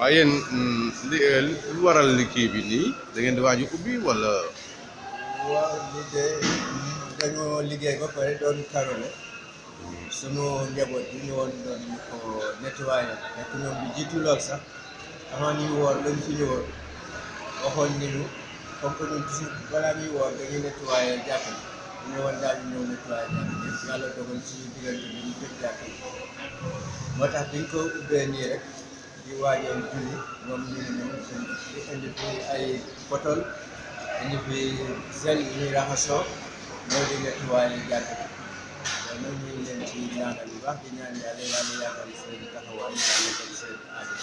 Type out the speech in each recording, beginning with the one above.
waaye mm, lu euh, waral kii bi nii dangeen di waaj a ubbi wala. waaw liggéey dañoo liggéey ba pare doon karole sunu njaboot bi woon doon ñu ko nettoyé fekk ñoom bi jiitu lool sax avant ñuy woor lañ fi ni ñu woon daal ñu ñëw nettoyé jàpp yëpp moo tax biñ ko ubbee nii rek. di waajal julli ñoom ñu ngi di indi fi ay botol indi fi sel yi ñuy raxasoo ñoo di nettuwaay jàkka bi ñoom ñu baax di ñaan yàlla yàlla yàggal seen taxawaay yàlla yàggal seen aada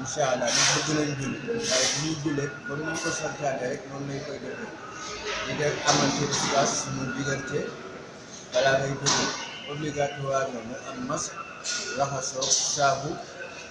incha allah ñu bëgg nañ julli waaye bu ñuy jullee comme ni ñu ko santaane rek noonu lañ koy defee di def amante espace mu diggante balaa ngay julli obligatoire na nga am masque raxasoo saabu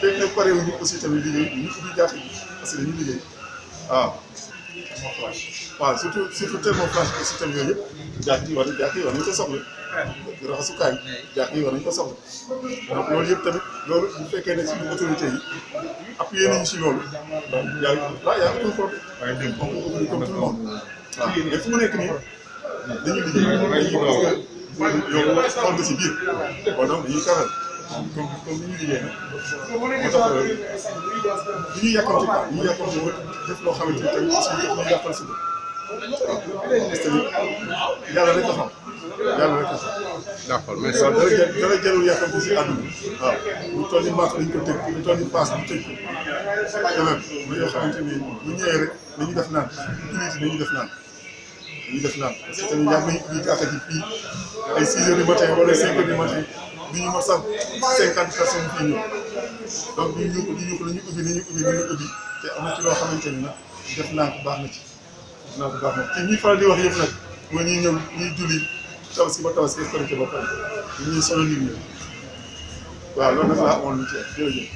fekk na pare wuñu aussi tamit liggéey ñu fi ñu jaaxle parce que dañu liggéey waaw. waaw surtout surtout thermoflash aussi tamit yooyu yëpp jàkk yi war jàkk yi war nañu ko soxla. raxasukaay jàkk yi war nañu ko soxla donc loolu yëpp tamit loolu bu fekkee ne suñu autorité yi appuyé nañu si loolu yaa waaw yaa ngi ko waaye dégg nga comme comme tout le monde waaw mais fu mu nekk nii dañuy liggéey dañuy parce que yow xool nga si biir bon donc dañuy karal. comme comme ni ñu liggéey nag. moo tax li ñuy yàkkamti quoi li ñuy yàkkamti ba def loo xamante ni tamit aussi daf ñuy yàqal suba. waaw parce que yàlla rek a xam yàlla rek a xam. d'accord mais sax dara jël dara jëlul yàkkamti si àdduna waaw lu toll ni màkk dañ ko tëj lu toll ni paas ñu tëj ko. quand même ba yoo xamante ni bu ñëwee rek dañuy def naan unité dañuy def naan. ñuy def naan parce que tamit yaa ngi may jiite attaque yi fii ay 6 heures matin wala 5 heures matin bi ñu ma sax 50 personnes fii ñëw donc ñu ñu ñu ñu ñu ubbi te am ci loo xamante ni nag def naa ko baax na ci def naan ko baax na ci ñi faral di wax yëpp nag mooy ñuy ñëw ñuy julli tabaski ba tabaski korité ba korité ñuy solo nit ñi waaw loolu nag laa amoon lu ci jërëjëf